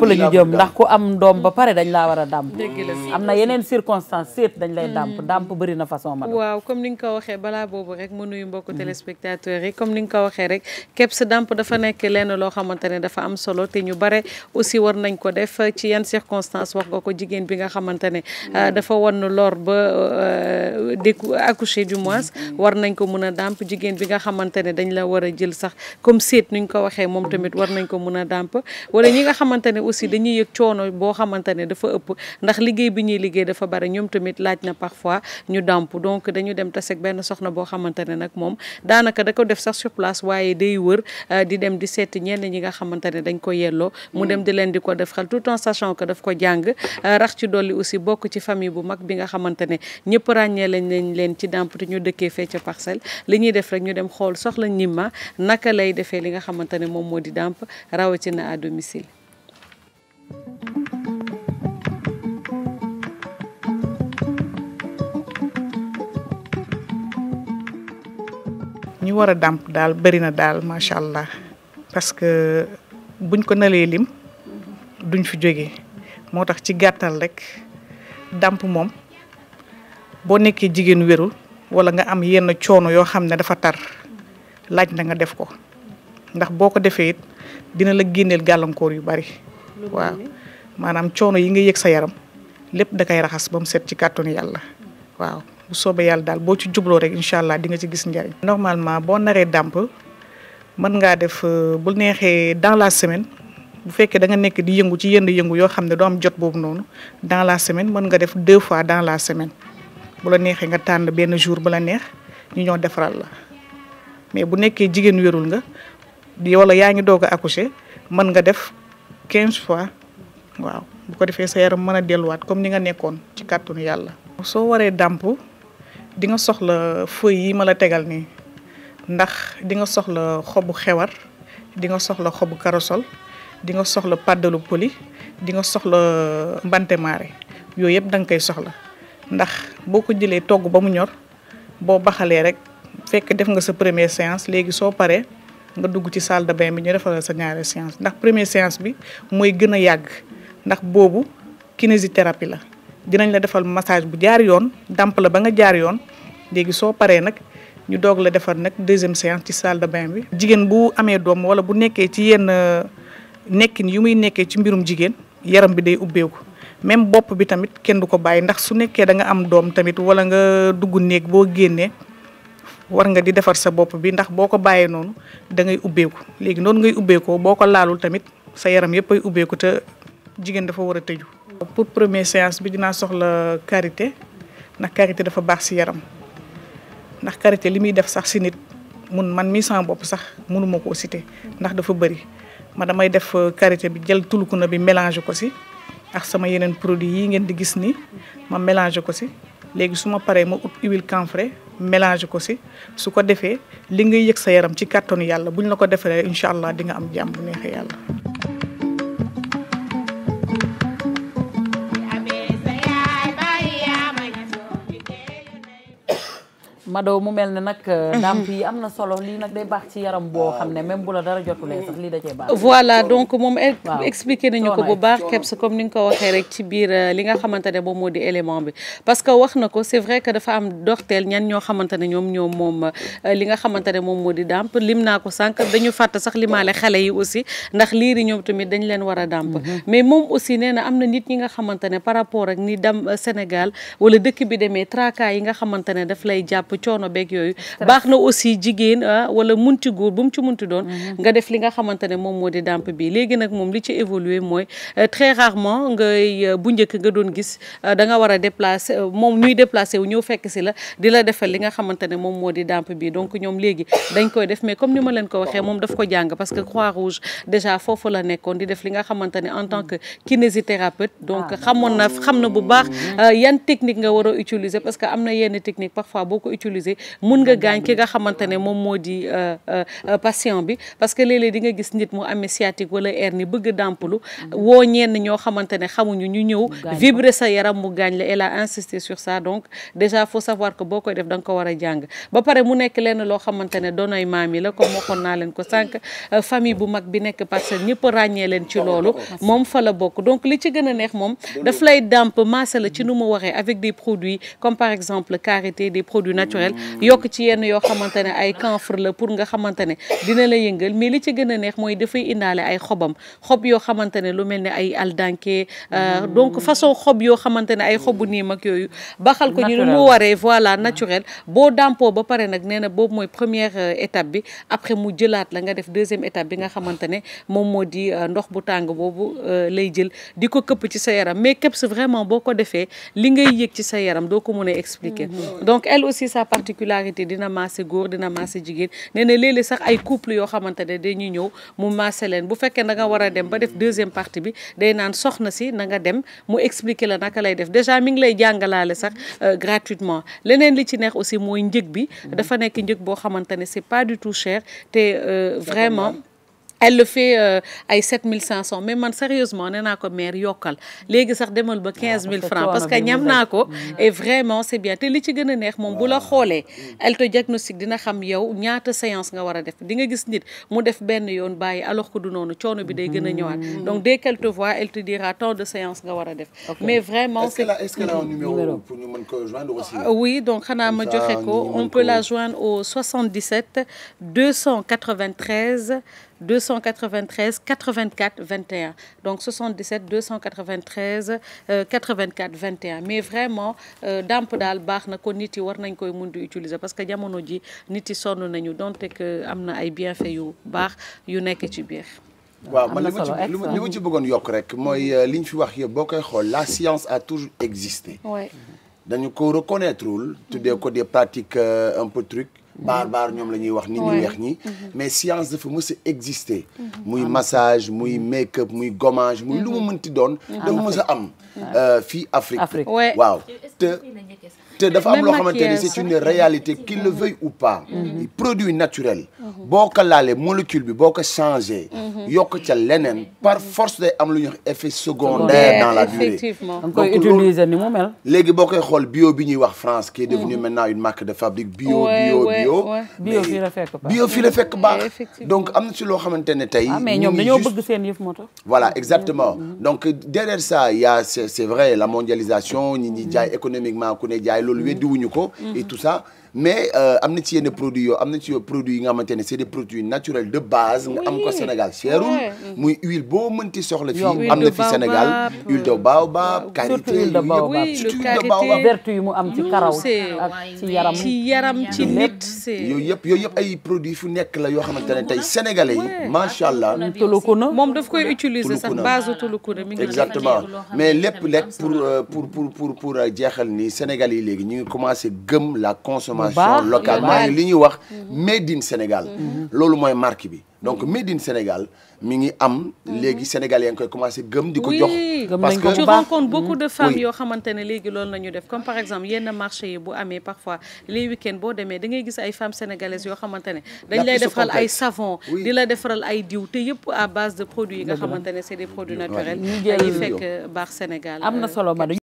dàmp la ñu jëm ndax ku am doom ba pare dañ laa war a dàmp am na yeneen circonstance séet dañ lay dàmp mm. dàmp bëri na façon ma waaw comme ni nga ko waxee bala boobu rek ma nuyu mbokku téléspectateurs yi comme ni nga ko waxee rek képp sa dafa nekk lenn loo xamante ne dafa am solo te ñu bare aussi war nañ ko def ci yan circonstance wax nga ko jigéen bi nga xamante ne mm. ah, dafa wan lor ba euh, déku accoucher du mm. war nañ ko mun a dàmp jigéen bi nga xamante ne dañ la war a jël sax comme seet séet nuñ ko waxee moom tamit war nañ ko mun a dàmp wala ñi nga xamante aussi dañuy yëg coono boo xamante ne dafa ëpp ndax liggéey bi ñuy liggéey dafa bare ñoom tamit laaj na parfois ñu dàmp donc dañu dem taseeg benn soxna boo xamante ne nag moom daanaka da ko def sax sur waaye day wër euh, di dem di seeti ñenn ñi nga xamante ne dañ ko yelloo mu dem di leen di ko def xel tout en sachant que daf ko jàng euh, rax ci dolli aussi bokk ci famille bu mag bi nga xamante ne ñëpp ràññee lañ lañ leen ci dàmp te ñu dëkkee fee ca parcelle li ñuy def rek ñu dem xool soxla ñimma naka lay defee li nga xamante ne moom moo di dàmp rawatina à domicile ñu war a dàmp daal bëri na daal macha allah parce que buñ ko nalee lim duñ fi jógee moo tax ci gàttal rek dàmp moom boo nekkee jigéen wérul wala nga am yenn coono yoo xam ne dafa tar laaj na nga def ko ndax boo ko defee it dina la génneel gàllankoor yu bari waaw maanaam coono yi nga yëg sa yaram lépp da koy raxas ba mu set ci kàttanu yàlla waaw bu soobee yàlla daal boo ci jubloo rek incha allah nga ci gis njariñ normalement boo naree dàmp mën ngaa def euh, bu neexee dans la semaine bu fekkee da nga nekk di yëngu ci yenn yëngu yoo xam ne doo am jot boobu noonu dans la semaine mën nga def deux fois dans la semaine bu la neexee nga tànn benn jour bu la neex ñu ñoo defaral la mais bu nekkee jigéen wérul nga wala yaa ngi doog a accoucher mën nga def quinze fois waaw bu ko defee sa yaram mën a delluwaat comme ni nga nekkoon ci kàttanu yàlla. di nga soxla feuilles yi ma la tegal nii ndax di nga soxla xobu xewar di nga soxla xobu karasol di nga soxla paddalu poli di nga soxla euh, mbante maare yooyu yëpp da nga koy soxla ndax boo ko jëlee togg ba mu ñor boo baxalee rek fekk def nga sa première séance léegi soo paree nga dugg ci salle de bain bi ñu defal sa ñaari séance ndax première séance bi mooy gën a yàgg ndax boobu kinésithérapie la dinañ la defal massage bu jaar yoon dàmp la ba nga jaar yoon léegi soo paree nag ñu doog la defar nag deuxième séance ci salle de bain bi. jigéen bu amee doom wala bu nekkee ci yenn euh, nekkin yu muy nekkee ci mbirum jigéen yaram bi day ubbeeku même bopp bi tamit kenn du ko bàyyi ndax su nekkee da nga am doom tamit wala nga dugg néeg boo génnee. war nga di defar sa bopp bi ndax boo ko bàyyee noonu dangay ubbeeku léegi noonu ngay ubbeekoo boo ko laalul tamit sa yaram yëpp ay ubbeeku te jigéen dafa war a tëju pour première séance bi dinaa soxla quarité ndax quarité dafa baax si yaram ndax karité li muy def sax si nit mun man mii sama bopp sax mënuma koo cité ndax dafa bëri ma damay def quarité euh, bi jël na bi mélange ko si ak sama yeneen produit yi ngeen di gis ni ma mélange ko si léegi su ma paree ma ut huile camphré mélange ko si su ko defee li ngay yëg sa yaram ci kàttanu yàlla buñ la ko defee incha allah dinga am jàmm neexee yàlla Mado mu mel ne nag. Euh, mhm. ndàmp yi am ah, la dara jotulee sax donc moom e-, expliqué nañu ko bu baax Kebs comme ni ko waxee rek ci biir euh, li nga xamante ne moom élément bi. parce que wax na ko c'est vrai que dafa am dorteel ñan ñoo xamante ñoom ñoom moom euh, li nga xamante moom moo di lim naa ko sànq dañu fàtte sax limaale xale yi aussi ndax liiri ñoom tamit dañ leen war a mhm. mais moom aussi nee am na nit ñi nga xamante par rapport ak ni dem Sénégal wala dëkk bi demee tracas yi nga xamante ne daf coono beeg yooyu baax na aussi jigéen ah, wala munti góor bu ci munti doon mhm. nga def li nga xamante moom moo di dàmp bi léegi nag moom li ci évoluer mooy euh, très rarement ngay euh, bu njëkk nga doon gis euh, da nga war a déplacer moom ñuy déplacé wu ñëw fekk si la di la defal li nga xamante ne moom moo di dàmp bi donc ñoom léegi dañ koy def mais comme ni ma leen ko waxee moom daf ko jàng parce que croix rouge déjà foofu la nekkoon di def li nga xamante ne en tant que kinésithérapeute donc ah. mhm. a utiliser mun nga gaañ ki nga xamante moom moo di euh, euh, euh, patient bi parce que léeg-léeg di nga gis nit mu amee sciatique wala hernie bëgg dàmpalu woo ñenn ñoo xamante xamuñu ñu ñëw vibrer sa yaram mu gaañ la elle a insisté sur ça donc déjà faut savoir que boo koy def da ko war a jàng ba pare mu nekk lenn loo xamante ne doonay maam yi la comme waxoon naa leen ko sànq famille bu mag bi nekk parce que ñëpp ràññee leen ci loolu moom fa la bokk donc li ci gën a neex moom daf professionnel yokk ci yenn yoo xamante ne ay camphre la pour nga xamante ne dina la yëngal mais li ci gën a neex mooy dafay indaale ay xobam xob yoo xamante ne lu mel ne ay aldanke euh, mm. donc façon xob yoo xamante ne ay xobu niim yooyu ba xal ko ñu lu mu waree voilà naturel boo dàmpoo ba pare nag nee na boobu mooy première euh, étape bi après mu jëlaat la nga def deuxième étape bi nga xamante ne moom moo di euh, ndox bu tàng boobu lay jël di ko këpp ci sa yaram mais këpp si vraiment boo ko defee li ngay yëg ci sa yaram doo ko mën a expliquer mm-hmm. particularité dina maase góor dina maase jigéen nee na léeg-léeg sax ay couple yoo xamante ne dañuy ñëw mu maase leen bu fekkee da nga war a dem ba def deuxième partie bi day naan soxna si nanga dem mu expliquer la naka lay def déjà mi ngi lay jàngalaale sax euh, gratuitement leneen li ci neex aussi mooy njëg bi dafa nekk njëg boo xamante ne c'est pas du tout cher te euh, vraiment elle le fait euh, ay 7500 mais man sérieusement nee naa ko maire yokkal léegi sax demal ba 15000 francs parce que ñam naa ko mm. et vraiment c'est bien te li ci gën a neex moom bu la xoolee elle te diagnostique dina xam yow ñaata séance nga war a def di nga gis nit mu def benn yoon bàyyi alors que du noonu coono bi day gën a ñëwaat mm. donc dès qu'elle te voit elle te dira tant de séances nga war a def mais vraiment est-ce a est-ce qu'elle a un numéro pour ñu mën ko joindre aussi euh, oui donc xanaa ma joxe ko on peut la joindre 293 84 21 donc 77 293 84 21 mais vraiment euh, dàmp daal baax na ko nit yi war nañ koy mun di utiliser parce que jamono ji nit yi sonn nañu donte am na ay bienfaits yu baax yu nekk ci biir. waaw man li ma ci li ma ci bëggoon yokk rek mooy euh, li ñu fi wax yëpp boo koy xool la science a toujours existé. dañu ko reconnaître wul. tuddee ko des pratiques euh, un peu truc. baar baar ñoom la ñuy wax nit ñu weex ñi mm-hmm. mais science dafa mës a exister mm-hmm. muy massage muy mm-hmm. make muy gommage muy lu mu mënti doon dafa mës a am euh, fii Afrique waaw te dafa am loo xamante ne c'est une réalité qu'il le veuille ou pas mhm. produit naturel boo ko laalee molécule bi boo changé mhm. yokk ca leneen par force day am lu ñuy wax effet secondaire dans la durée donc koy boo koy xool bio bi ñuy wax France qui est mhm. une marque de fabrique bio bio bio bio fii la fekk bio fii fekk baax donc am na ci loo xamante ne tey ah, mais ñoom dañoo bëgg seen yëf moo tax voilà exactement donc derrière ça y a c'est vrai la mondialisation ñi ñi jaay économiquement ku ne jaay loolu weddiwuñu ko mm-hmm. et mais euh, am na ci yenn produits yoo am na ci produits yi nga xamante ne c'est des produits naturels de base nga am ko Sénégal cherul muy huile boo mënti soxla fii am na fi Sénégal euh, huile de baobab karité huile de baobab surtout huile de baobab mu am ci karaw ak ci yaram ci ci nit yooyu yëpp yooyu yëpp ay produits fu nekk la yoo xamante ne tey sénégalais yi macha allah tulukuna moom daf koy utiliser sax base tulukuna mi ngi exactement mais lépp lekk euh, pour pour pour pour pour jeexal ni Sénégal yi léegi ñu ngi commencé gëm la consommation transformation localement yi li ñuy mm-hmm. Sénégal mm-hmm. loolu mooy marque bi donc made in Sénégal mi ngi am mm-hmm. léegi Sénégal yaa ngi koy commencé gëm di ko jox parce que tu rencontres beaucoup de femmes yoo xamante ne léegi loolu la ñu def comme par exemple yenn marché yi bu amee parfois les week boo demee da ngay gis ay femmes sénégalaises yoo xamante ne dañ lay defaral ay savon di la defaral ay diw te yëpp à base de produits yi nga xamante ne c'est des produits naturels dañuy fekk baax Sénégal